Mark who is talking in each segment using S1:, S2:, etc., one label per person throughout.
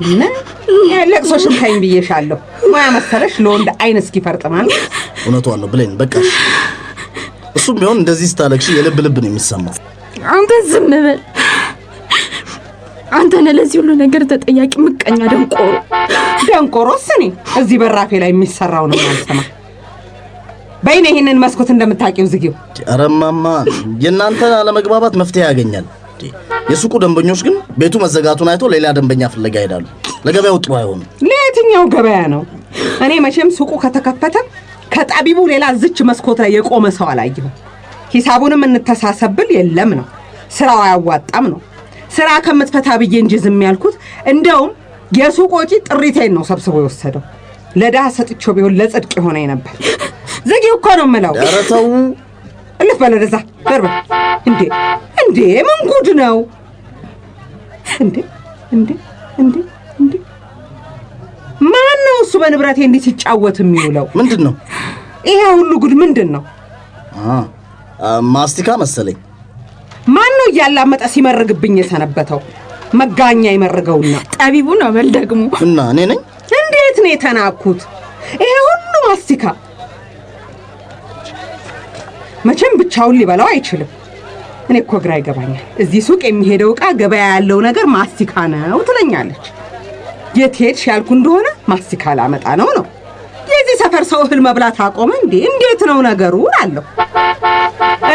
S1: ታዲያ ለቅሶ ሽምታኝ ብዬሻለሁ። ሙያ መሰለሽ ለወንድ አይን እስኪፈርጥ ማለት
S2: እውነቱ አለሁ ብለኝ በቃሽ። እሱም ቢሆን እንደዚህ ስታለቅሽ የልብ ልብ ነው የሚሰማው።
S1: አንተ ዝም በል። አንተ ነህ ለዚህ ሁሉ ነገር ተጠያቂ ምቀኛ ደንቆሮ። ደንቆሮስ እኔ እዚህ በራፌ ላይ የሚሰራው ነው ማለትማ። በይኔ ይህንን መስኮት እንደምታውቂው ዝጊው።
S2: ኧረ እማማ የእናንተ አለመግባባት መፍትሄ ያገኛል። የሱቁ ደንበኞች ግን ቤቱ መዘጋቱን አይቶ ሌላ ደንበኛ ፍለጋ ይሄዳሉ። ለገበያው ጥሩ አይሆንም።
S1: ለየትኛው ገበያ ነው? እኔ መቼም ሱቁ ከተከፈተ ከጠቢቡ ሌላ ዝች መስኮት ላይ የቆመ ሰው አላየሁም። ሂሳቡንም እንተሳሰብል የለም ነው፣ ስራው አያዋጣም ነው። ስራ ከምትፈታ ብዬ እንጂ ዝም ያልኩት። እንደውም የሱቅ ወጪ ጥሪቴን ነው ሰብስቦ የወሰደው። ለድሃ ሰጥቼው ቢሆን ለጽድቅ የሆነ ነበር። ዘጌው እኮ ነው የምለው። ኧረ ተው፣ እልፍ በርበ እንዴ እንዴ ምን ጉድ ነው እንዴ! እንዴ! እንዴ! እንዴ! ማን ነው እሱ በንብረቴ እንዴት ሲጫወት የሚውለው? ምንድን ነው ይሄ ሁሉ ጉድ? ምንድን ነው? ማስቲካ መሰለኝ። ማን ነው እያላመጠ ሲመርግብኝ የሰነበተው? መጋኛ ይመርገውና ጠቢቡ ነው በል ደግሞ። እና እኔ ነኝ። እንዴት ነው የተናኩት? ይሄ ሁሉ ማስቲካ መቼም ብቻውን ሊበላው አይችልም። እኔ እኮ ግራ ይገባኛል። እዚህ ሱቅ የሚሄደው እቃ ገበያ ያለው ነገር ማስቲካ ነው ትለኛለች። የት ሄድሽ ያልኩ እንደሆነ ማስቲካ ላመጣ ነው ነው። የዚህ ሰፈር ሰው እህል መብላት አቆመ እንዴ? እንዴት ነው ነገሩ አለሁ።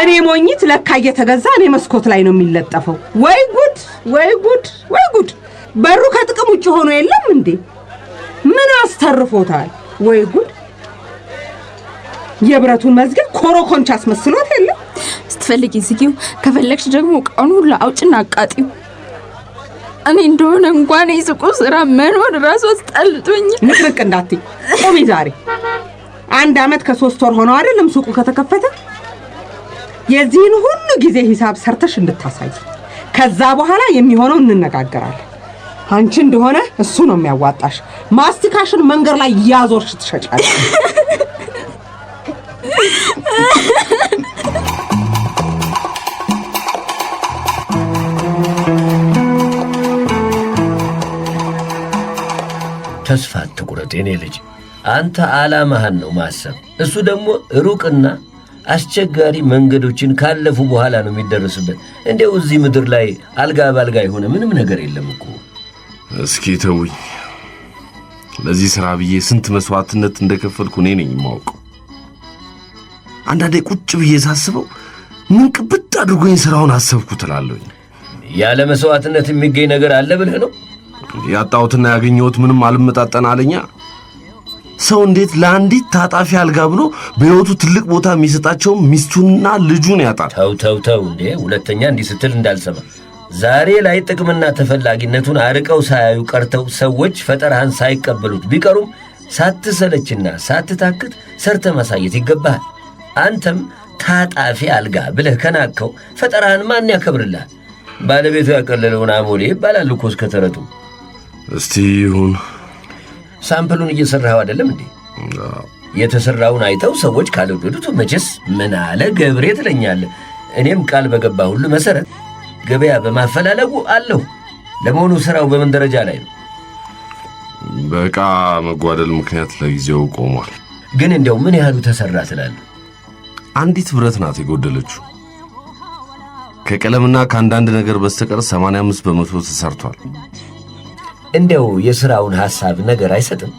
S1: እኔ ሞኝት ለካ እየተገዛ እኔ መስኮት ላይ ነው የሚለጠፈው። ወይ ጉድ፣ ወይ ጉድ፣ ወይ ጉድ! በሩ ከጥቅም ውጭ ሆኖ የለም እንዴ? ምን አስተርፎታል? ወይ ጉድ! የብረቱን መዝጊያ ኮሮኮንች አስመስሎት የለ ብትፈልጊ ዝጊው፣ ከፈለግሽ ደግሞ ቀኑ ሁሉ አውጭና አቃጢው። እኔ እንደሆነ እንኳን የሱቁ ስራ መኖር ራሱ አስጠልቶኛል። ንቅንቅ እንዳትይ ቁሚ። ዛሬ አንድ አመት ከሶስት ወር ሆነው አይደለም ሱቁ ከተከፈተ። የዚህን ሁሉ ጊዜ ሂሳብ ሰርተሽ እንድታሳይ፣ ከዛ በኋላ የሚሆነው እንነጋገራለን። አንቺ እንደሆነ እሱ ነው የሚያዋጣሽ። ማስቲካሽን መንገድ ላይ ያዞርሽ ትሸጫለሽ።
S3: ተስፋ አትቁረጥ የኔ ልጅ። አንተ ዓላማህን ነው ማሰብ። እሱ ደግሞ ሩቅና አስቸጋሪ መንገዶችን ካለፉ በኋላ ነው የሚደረስበት። እንዲያው እዚህ ምድር ላይ አልጋ ባልጋ የሆነ ምንም ነገር የለም እኮ።
S4: እስኪ ተውኝ። ለዚህ ሥራ ብዬ ስንት መሥዋዕትነት እንደከፈልኩ እኔ ነኝ የማውቀው። አንዳንዴ ቁጭ ብዬ ሳስበው ምን ቅብጥ አድርጎኝ ሥራውን አሰብኩ ትላለኝ። ያለ መሥዋዕትነት የሚገኝ ነገር አለ ብለህ ነው ያጣሁትና ያገኘሁት ምንም አልመጣጠን አለኛ። ሰው እንዴት ለአንዲት ታጣፊ አልጋ ብሎ በሕይወቱ ትልቅ ቦታ የሚሰጣቸውን ሚስቱንና ልጁን ያጣል?
S3: ተው ተው ተው እንዴ! ሁለተኛ እንዲህ ስትል እንዳልሰማ። ዛሬ ላይ ጥቅምና ተፈላጊነቱን አርቀው ሳያዩ ቀርተው ሰዎች ፈጠራህን ሳይቀበሉት ቢቀሩም ሳትሰለችና ሳትታክት ሰርተ ማሳየት ይገባሃል። አንተም ታጣፊ አልጋ ብለህ ከናከው ፈጠራህን ማን ያከብርልሃል? ባለቤቱ ያቀለለውን አሞሌ ይባላል እኮ እስከ ተረቱ። እስቲ ይሁን። ሳምፕሉን እየሰራኸው አይደለም እንዴ? የተሰራውን አይተው ሰዎች ካልወደዱት መቼስ ምን አለ ገብሬ ትለኛለህ። እኔም ቃል በገባ ሁሉ መሰረት ገበያ በማፈላለጉ አለሁ። ለመሆኑ ስራው በምን ደረጃ ላይ ነው?
S4: በእቃ መጓደል ምክንያት ለጊዜው ቆሟል።
S3: ግን እንደው ምን ያህሉ ተሰራ ትላለህ?
S4: አንዲት ብረት ናት የጎደለችው። ከቀለምና ከአንዳንድ ነገር በስተቀር 85 በመቶ ተሰርቷል።
S3: እንዲያው የሥራውን ሐሳብ ነገር አይሰጥም።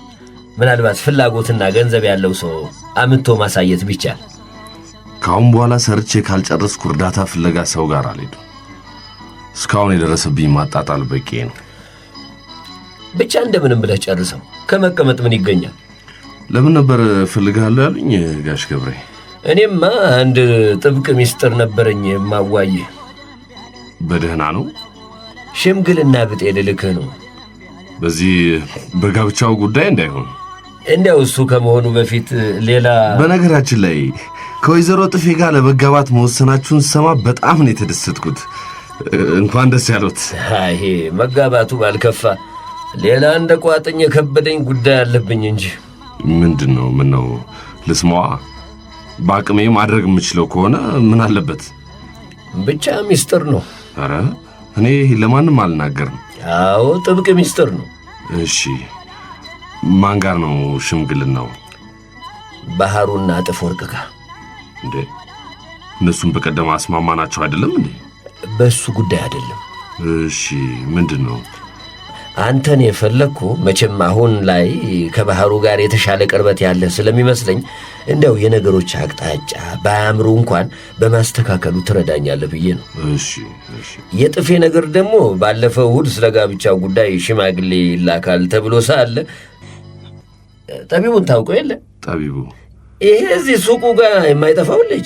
S3: ምናልባት ፍላጎትና ገንዘብ ያለው ሰው አምቶ ማሳየት ብቻ
S4: ከአሁን በኋላ ሰርቼ ካልጨረስኩ እርዳታ ፍለጋ ሰው ጋር አልሄድም። እስካሁን የደረሰብኝ ማጣጣል በቂ ነው።
S3: ብቻ እንደምንም ብለህ ጨርሰው። ከመቀመጥ ምን ይገኛል?
S4: ለምን ነበር እፈልግሃለሁ ያሉኝ ጋሽ ገብሬ?
S3: እኔማ አንድ ጥብቅ ሚስጥር ነበረኝ የማዋይህ። በደህና ነው? ሽምግልና ብጤ ልልክህ ነው
S4: በዚህ በጋብቻው ጉዳይ እንዳይሆን
S3: እንዲያው እሱ ከመሆኑ በፊት ሌላ።
S4: በነገራችን ላይ ከወይዘሮ ጥፌ ጋር ለመጋባት መወሰናችሁን ስሰማ በጣም ነው የተደሰትኩት። እንኳን ደስ ያሉት።
S3: ይሄ መጋባቱ ባልከፋ፣ ሌላ እንደ ቋጥኝ የከበደኝ ጉዳይ አለብኝ እንጂ።
S4: ምንድን ነው? ምን ነው? ልስማዋ። በአቅሜ ማድረግ የምችለው ከሆነ ምን አለበት?
S3: ብቻ ሚስጥር ነው።
S4: ኧረ እኔ ለማንም አልናገርም።
S3: አዎ ጥብቅ ሚስጥር ነው።
S4: እሺ ማን ጋር ነው ሽምግልናው?
S3: ባህሩና ጥፍ ወርቅ ጋር።
S4: እንዴ እነሱም በቀደም አስማማናቸው አይደለም እንዴ?
S3: በእሱ ጉዳይ አይደለም። እሺ ምንድን ነው? አንተን የፈለግኩ መቼም አሁን ላይ ከባህሩ ጋር የተሻለ ቅርበት ያለህ ስለሚመስለኝ እንደው የነገሮች አቅጣጫ ባያምሩ እንኳን በማስተካከሉ ትረዳኛለህ ብዬ ነው። የጥፌ ነገር ደግሞ ባለፈው እሑድ ስለ ጋብቻ ጉዳይ ሽማግሌ ይላካል ተብሎ ሳለ ጠቢቡን ታውቀው የለ ጠቢቡ ይሄ እዚህ ሱቁ ጋር የማይጠፋው ልጅ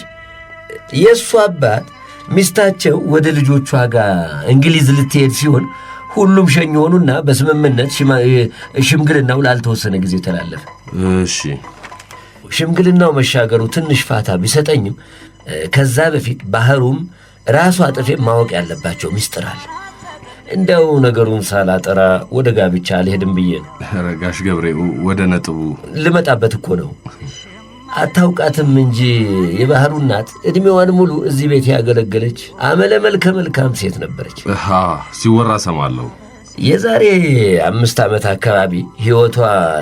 S3: የእሱ አባት ሚስታቸው ወደ ልጆቿ ጋር እንግሊዝ ልትሄድ ሲሆን ሁሉም ሸኝ ሆኑና በስምምነት ሽምግልናው ላልተወሰነ ጊዜ ተላለፈ። እሺ ሽምግልናው መሻገሩ ትንሽ ፋታ ቢሰጠኝም ከዛ በፊት ባህሩም ራሱ አጥፌ ማወቅ ያለባቸው ምስጢር አለ። እንደው ነገሩን ሳላጠራ ወደ ጋብቻ አልሄድም ብዬ ነው።
S4: ጋሽ ገብሬ ወደ ነጥቡ
S3: ልመጣበት እኮ ነው። አታውቃትም እንጂ የባህሩ እናት ዕድሜዋን ሙሉ እዚህ ቤት ያገለገለች አመለ መልከ መልካም ሴት ነበረች። ሲወራ ሰማለሁ። የዛሬ አምስት ዓመት አካባቢ ሕይወቷ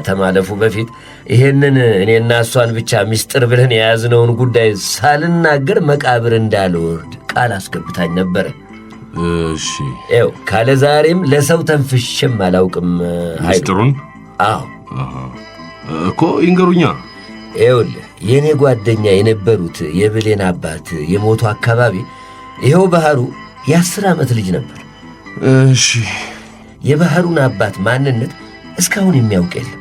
S3: ተማለፉ በፊት ይሄንን እኔና እሷን ብቻ ምስጢር ብለን የያዝነውን ጉዳይ ሳልናገር መቃብር እንዳልወርድ ቃል አስገብታኝ ነበረ። እሺ ው ካለ ዛሬም ለሰው ተንፍሽም አላውቅም። ምስጢሩን? አዎ እኮ ይንገሩኛ። ይኸውልህ የእኔ ጓደኛ የነበሩት የብሌን አባት የሞቱ አካባቢ ይኸው ባህሩ የአስር ዓመት ልጅ ነበር። እሺ የባህሩን አባት ማንነት እስካሁን የሚያውቅ የለም።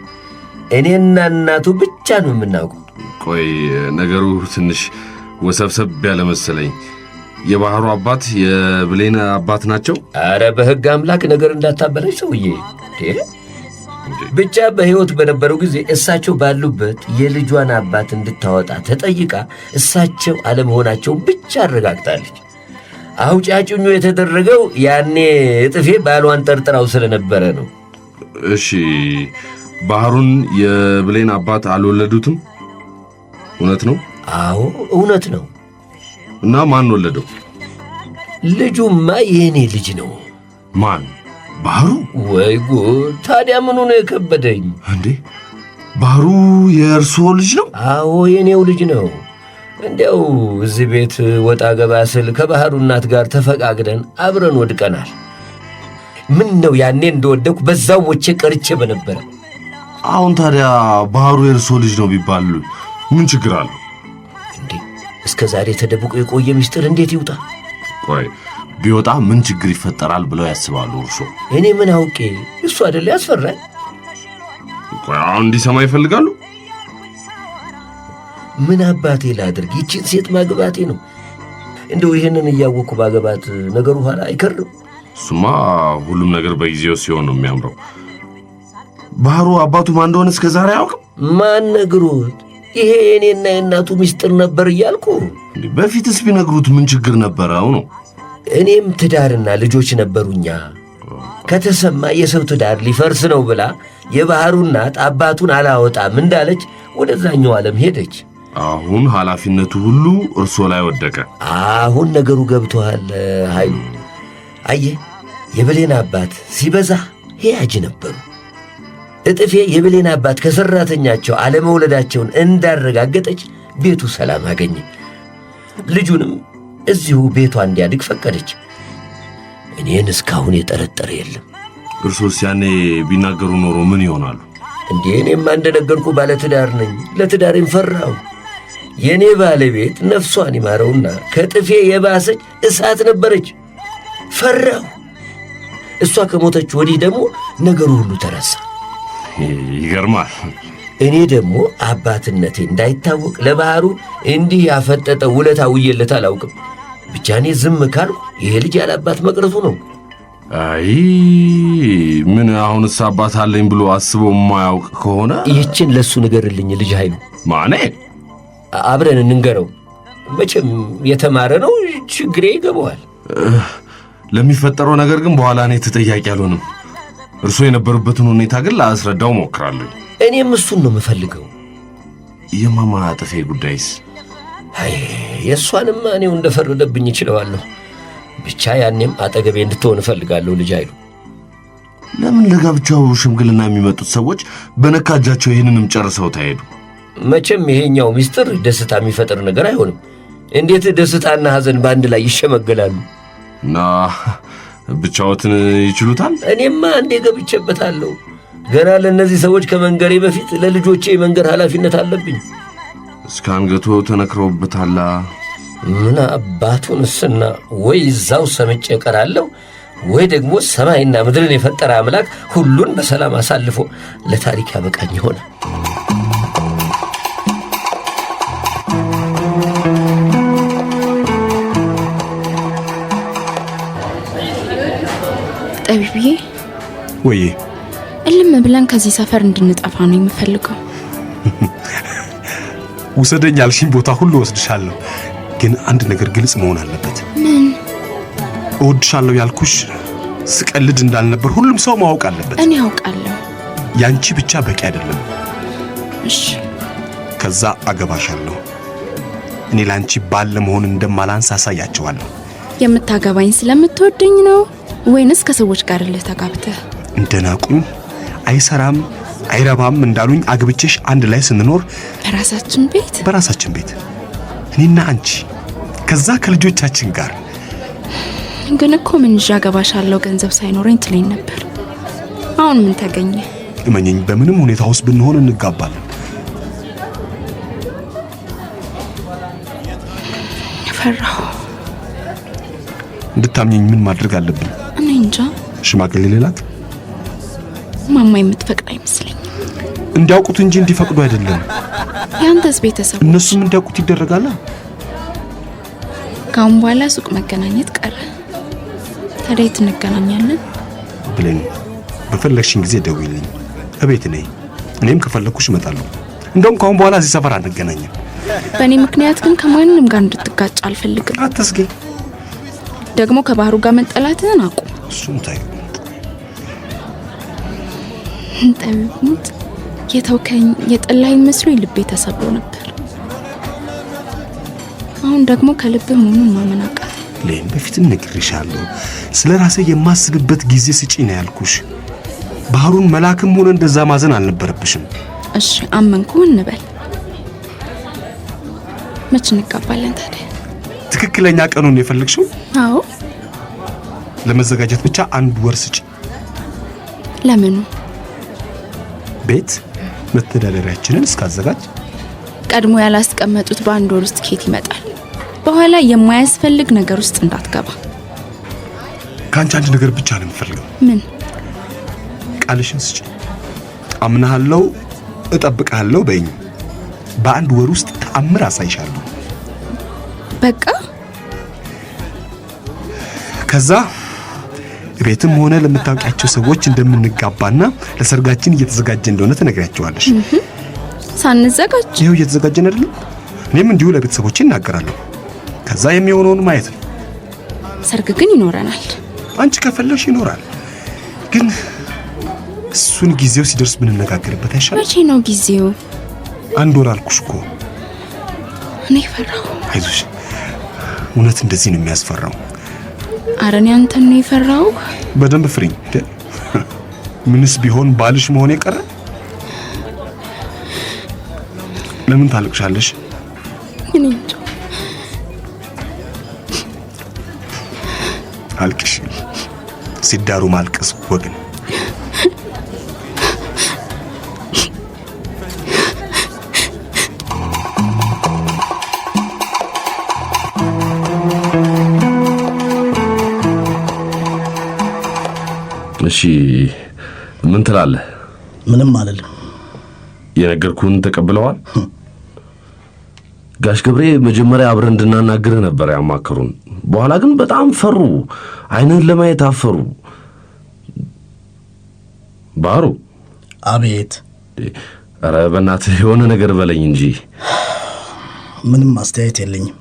S3: እኔና እናቱ ብቻ ነው የምናውቀው።
S4: ቆይ ነገሩ ትንሽ ወሰብሰብ ያለ መሰለኝ። የባህሩ አባት የብሌን አባት ናቸው? አረ በሕግ አምላክ ነገር እንዳታበረች ሰውዬ። ብቻ በሕይወት በነበረው ጊዜ
S3: እሳቸው ባሉበት የልጇን አባት እንድታወጣ ተጠይቃ እሳቸው አለመሆናቸውን ብቻ አረጋግጣለች። አውጫጭኙ የተደረገው ያኔ እጥፌ ባሏን ጠርጥራው ስለነበረ ነው።
S4: እሺ ባህሩን የብሌን አባት አልወለዱትም? እውነት ነው?
S3: አዎ እውነት ነው።
S4: እና ማን ወለደው?
S3: ልጁማ የእኔ ልጅ ነው።
S4: ማን? ባህሩ? ወይ ጉድ!
S3: ታዲያ ምኑ ነው የከበደኝ እንዴ? ባህሩ የእርስዎ ልጅ ነው? አዎ የእኔው ልጅ ነው። እንዲያው እዚህ ቤት ወጣ ገባ ስል ከባህሩ እናት ጋር ተፈቃግደን አብረን ወድቀናል። ምን ነው ያኔ እንደወደኩ በዛው ወቼ ቀርቼ በነበረ።
S4: አሁን ታዲያ ባህሩ የእርሶ ልጅ ነው ቢባል ምን ችግር አለው እንዴ? እስከ ዛሬ ተደብቆ የቆየ ምስጢር እንዴት ይውጣ? ቆይ ቢወጣ ምን ችግር ይፈጠራል ብለው ያስባሉ እርሶ?
S3: እኔ ምን አውቄ። እሱ አደለ ያስፈራል።
S4: ቆይ አሁን እንዲሰማ ይፈልጋሉ?
S3: ምን አባቴ ላድርግ? ይችን ሴት ማግባቴ ነው። እንደው ይህንን እያወቅኩ ባገባት ነገሩ ኋላ አይከርም።
S4: እሱማ ሁሉም ነገር በጊዜው ሲሆን ነው የሚያምረው። ባህሩ አባቱ ማን እንደሆነ እስከ ዛሬ አያውቅም።
S3: ማን ነግሩት? ይሄ የእኔና የእናቱ ምስጢር ነበር እያልኩ
S4: በፊትስ ቢነግሩት ምን ችግር ነበረው ነው።
S3: እኔም ትዳርና ልጆች ነበሩኛ። ከተሰማ የሰው ትዳር ሊፈርስ ነው ብላ የባህሩ እናት አባቱን አላወጣም
S4: እንዳለች ወደዛኛው ዓለም ሄደች። አሁን ኃላፊነቱ ሁሉ እርሶ ላይ ወደቀ።
S3: አሁን ነገሩ ገብቶሃል ኃይሉ። አየህ የብሌን አባት ሲበዛ ሄያጅ ነበሩ። እጥፌ የብሌን አባት ከሠራተኛቸው አለመውለዳቸውን እንዳረጋገጠች ቤቱ ሰላም አገኘ። ልጁንም እዚሁ ቤቷ እንዲያድግ ፈቀደች። እኔን እስካሁን የጠረጠረ የለም።
S4: እርሶስ ያኔ ቢናገሩ ኖሮ ምን ይሆናሉ? እንዴ እኔማ
S3: እንደነገርኩ ባለትዳር ነኝ። ለትዳሬም ፈራሁ።
S4: የእኔ ባለቤት ነፍሷን ይማረውና
S3: ከጥፌ የባሰች እሳት ነበረች። ፈራሁ። እሷ ከሞተች ወዲህ ደግሞ
S4: ነገሩ ሁሉ ተረሳ። ይገርማል።
S3: እኔ ደግሞ አባትነቴ እንዳይታወቅ ለባህሩ እንዲህ ያፈጠጠ ውለታ ውዬለት
S4: አላውቅም። ብቻ እኔ ዝም ካል ይሄ ልጅ ያለ አባት መቅረቱ ነው። አይ ምን አሁንስ አባት አለኝ ብሎ አስቦ የማያውቅ ከሆነ ይህችን ለእሱ ንገርልኝ። ልጅ ኃይሉ ማኔ አብረን እንንገረው። መቼም የተማረ
S3: ነው፣ ችግሬ ይገባዋል።
S4: ለሚፈጠረው ነገር ግን በኋላ እኔ ተጠያቂ አልሆንም። እርስዎ የነበሩበትን ሁኔታ ግን ላስረዳው ሞክራለሁ። እኔም እሱን ነው የምፈልገው። የማማ አጥፌ ጉዳይስ?
S3: አይ የእሷንማ እኔው እንደፈረደብኝ እችለዋለሁ። ብቻ ያኔም አጠገቤ እንድትሆን እፈልጋለሁ። ልጅ አይሉ
S4: ለምን ለጋብቻው ሽምግልና የሚመጡት ሰዎች በነካ እጃቸው ይህንንም
S3: ጨርሰው ታሄዱ? መቼም ይሄኛው ምስጢር ደስታ የሚፈጥር ነገር አይሆንም። እንዴት ደስታና ሐዘን በአንድ ላይ ይሸመገላሉ?
S4: እና ብቻዎትን ይችሉታል?
S3: እኔማ አንዴ ገብቼበታለሁ። ገና ለእነዚህ ሰዎች ከመንገሬ በፊት ለልጆቼ የመንገድ ኃላፊነት አለብኝ።
S4: እስከ አንገቱ ተነክረውበታላ።
S3: ምን አባቱንስና ወይ እዛው ሰምጬ እቀራለሁ ወይ ደግሞ ሰማይና ምድርን የፈጠረ አምላክ ሁሉን በሰላም አሳልፎ ለታሪክ ያበቃኝ ይሆናል።
S5: ጠቢብዬ፣ ወይ እልም ብለን ከዚህ ሰፈር እንድንጠፋ ነው የምፈልገው።
S6: ውሰደኝ ያልሽኝ ቦታ ሁሉ ወስድሻለሁ፣ ግን አንድ ነገር ግልጽ መሆን አለበት። ምን? እወድሻለሁ ያልኩሽ ስቀልድ እንዳልነበር ሁሉም ሰው ማወቅ አለበት። እኔ አውቃለሁ። ያንቺ ብቻ በቂ አይደለም። እሺ። ከዛ አገባሻለሁ። እኔ ላንቺ ባል እንደማላንስ አሳያቸዋለሁ።
S5: የምታገባኝ ስለምትወደኝ ነው። ወይንስ ከሰዎች ጋር ልህ ተጋብተህ
S6: እንደናቁ አይሰራም አይረባም እንዳሉኝ አግብቼሽ አንድ ላይ ስንኖር
S5: በራሳችን ቤት
S6: በራሳችን ቤት እኔና አንቺ ከዛ ከልጆቻችን ጋር
S5: ግን እኮ ምን ይዤ አገባሻለሁ ገንዘብ ሳይኖረኝ ትለኝ ነበር። አሁን ምን ተገኘ?
S6: እመኝኝ፣ በምንም ሁኔታ ውስጥ ብንሆን እንጋባለን። ፈራሁ። እንድታምኘኝ ምን ማድረግ አለብን? እንጃ። ሽማግሌ ሌላት
S5: ማማ የምትፈቅድ አይመስለኝም።
S6: እንዲያውቁት እንጂ እንዲፈቅዱ አይደለም።
S5: የአንተስ ቤተሰብ
S6: እነሱም እንዲያውቁት ይደረጋል።
S5: ከአሁን በኋላ ሱቅ መገናኘት ቀረ። ታዲያ የት እንገናኛለን?
S6: ብለኝ በፈለግሽኝ ጊዜ ደውይልኝ። እቤት ነኝ። እኔም ከፈለግኩሽ እመጣለሁ። እንደውም ከአሁን በኋላ እዚህ ሰፈር አንገናኝም።
S5: በእኔ ምክንያት ግን ከማንም ጋር እንድትጋጭ አልፈልግም። አትስጊ። ደግሞ ከባህሩ ጋር መጠላትህን አቁም። እሱም ታይ ጠቢቡት የተውከኝ የጠላኝ መስሎ ልቤ ተሰብሮ ነበር። አሁን ደግሞ ከልብ መሆኑን ማመን አቃተኝ።
S6: ሌም በፊትም ነግሬሻለሁ፣ ስለ ራሴ የማስብበት ጊዜ ስጪ ነው ያልኩሽ። ባህሩን መልአክም ሆነ እንደዛ ማዘን አልነበረብሽም።
S5: እሺ አመንኩ እንበል። መች እንጋባለን ታዲያ?
S6: ትክክለኛ ቀኑን የፈለግሽው? አዎ ለመዘጋጀት ብቻ አንድ ወር ስጪ። ለምኑ? ቤት መተዳደሪያችንን እስካዘጋጅ
S5: ቀድሞ ያላስቀመጡት በአንድ ወር ውስጥ ኬት ይመጣል። በኋላ የማያስፈልግ ነገር ውስጥ እንዳትገባ።
S6: ከአንቺ አንድ ነገር ብቻ ነው የምፈልገው። ምን? ቃልሽን ስጪ። አምናሃለው፣ እጠብቃለሁ በይኝ። በአንድ ወር ውስጥ ተአምር አሳይሻለሁ። በቃ ከዛ ቤትም ሆነ ለምታውቂያቸው ሰዎች እንደምንጋባና ለሰርጋችን እየተዘጋጀ እንደሆነ ትነግሪያቸዋለሽ።
S5: ሳንዘጋጅ
S6: ይኸው እየተዘጋጀን አይደለም። እኔም እንዲሁ ለቤተሰቦች እናገራለሁ። ከዛ የሚሆነውን ማየት ነው።
S5: ሰርግ ግን ይኖረናል። አንቺ ከፈለሽ ይኖራል። ግን
S6: እሱን ጊዜው ሲደርስ ብንነጋገርበት አይሻልም? መቼ ነው ጊዜው? አንድ ወር አልኩሽ እኮ። እኔ ፈራሁ። አይዞሽ፣ እውነት እንደዚህ ነው የሚያስፈራው።
S5: አረን አንተን ነው የፈራው።
S6: በደንብ ፍሪኝ። ምንስ ቢሆን ባልሽ መሆን የቀረ ለምን ታልቅሻለሽ? አልቅሽ። ሲዳሩ ማልቀስ ወግን
S4: እሺ ምን ትላለህ? ምንም አልልም። የነገርኩህን ተቀብለዋል? ጋሽ ገብሬ መጀመሪያ አብረን እንድናናግርህ ነበር ያማከሩን። በኋላ ግን በጣም ፈሩ፣ አይንህን ለማየት አፈሩ። ባህሩ። አቤት። ኧረ በእናትህ የሆነ ነገር በለኝ እንጂ።
S2: ምንም አስተያየት የለኝም።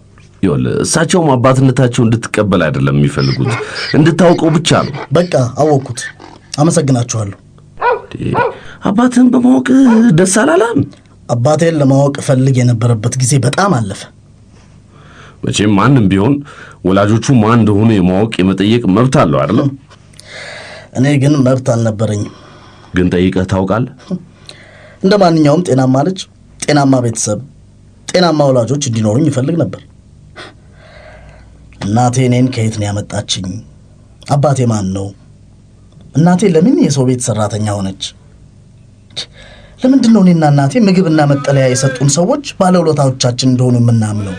S4: ይወል እሳቸውም አባትነታቸው እንድትቀበል አይደለም የሚፈልጉት እንድታውቀው ብቻ ነው።
S2: በቃ አወቅኩት። አመሰግናችኋለሁ። አባትን በማወቅ ደስ አላለም? አባቴን ለማወቅ ፈልግ የነበረበት ጊዜ በጣም አለፈ።
S4: መቼም ማንም ቢሆን ወላጆቹ ማን እንደሆኑ የማወቅ የመጠየቅ መብት አለው አይደለም?
S2: እኔ ግን መብት አልነበረኝም።
S4: ግን ጠይቀህ ታውቃል?
S2: እንደ ማንኛውም ጤናማ ልጅ ጤናማ ቤተሰብ፣ ጤናማ ወላጆች እንዲኖሩኝ ይፈልግ ነበር። እናቴ እኔን ከየት ነው ያመጣችኝ? አባቴ ማን ነው? እናቴ ለምን የሰው ቤት ሰራተኛ ሆነች? ለምንድን ነው እኔና እናቴ ምግብና መጠለያ የሰጡን ሰዎች ባለውለታዎቻችን እንደሆኑ የምናምነው?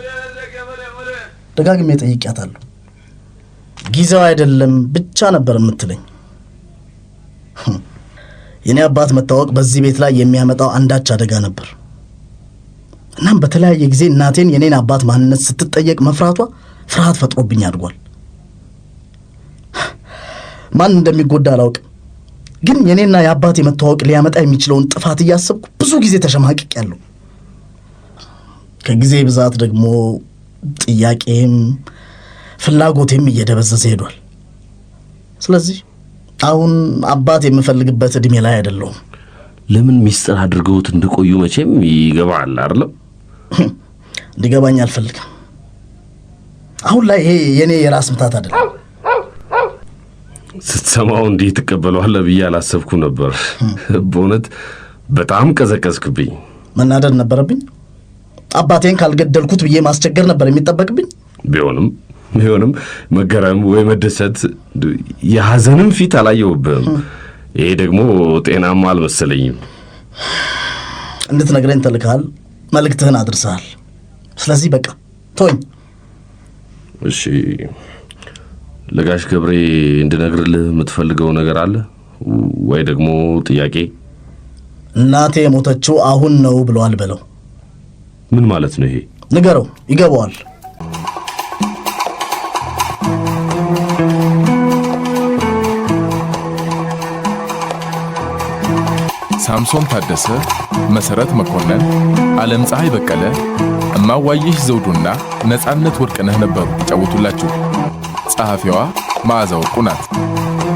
S2: ደጋግሜ ጠይቄያታለሁ። ጊዜው አይደለም ብቻ ነበር የምትለኝ። የእኔ አባት መታወቅ በዚህ ቤት ላይ የሚያመጣው አንዳች አደጋ ነበር። እናም በተለያየ ጊዜ እናቴን የእኔን አባት ማንነት ስትጠየቅ መፍራቷ ፍርሃት ፈጥሮብኝ አድጓል። ማን እንደሚጎዳ አላውቅም፣ ግን የእኔና የአባቴ መተዋወቅ ሊያመጣ የሚችለውን ጥፋት እያሰብኩ ብዙ ጊዜ ተሸማቅቅ ያለው ከጊዜ ብዛት ደግሞ ጥያቄም ፍላጎቴም እየደበዘዘ ሄዷል። ስለዚህ አሁን አባት የምፈልግበት እድሜ ላይ አይደለሁም።
S4: ለምን ሚስጥር አድርገውት እንደቆዩ መቼም ይገባል አይደለም?
S2: እንዲገባኝ አልፈልግም። አሁን ላይ ይሄ የኔ የራስ ምታት አይደለም።
S4: ስትሰማው እንዲህ ትቀበለዋለህ ብዬ አላሰብኩ ነበር። በእውነት በጣም ቀዘቀዝክብኝ።
S2: መናደድ ነበረብኝ። አባቴን ካልገደልኩት ብዬ ማስቸገር ነበር የሚጠበቅብኝ።
S4: ቢሆንም ቢሆንም መገረም ወይ መደሰት፣ የሐዘንም ፊት አላየውብህም። ይሄ ደግሞ ጤናማ አልመሰለኝም።
S2: እንድትነግረኝ ተልከሃል፣ መልእክትህን አድርሰሃል። ስለዚህ በቃ ተወኝ።
S4: እሺ ለጋሽ ገብሬ እንድነግርልህ የምትፈልገው ነገር አለ ወይ? ደግሞ ጥያቄ?
S2: እናቴ የሞተችው አሁን ነው ብሏል በለው። ምን ማለት ነው ይሄ? ንገረው፣ ይገባዋል።
S6: ሳምሶን ታደሰ፣ መሠረት መኮንን፣ ዓለም ፀሐይ በቀለ፣ እማዋይሽ ዘውዱና ነፃነት ወርቅነህ ነበሩ ይጫወቱላችሁ። ጸሐፊዋ መዓዛ ወርቁ ናት።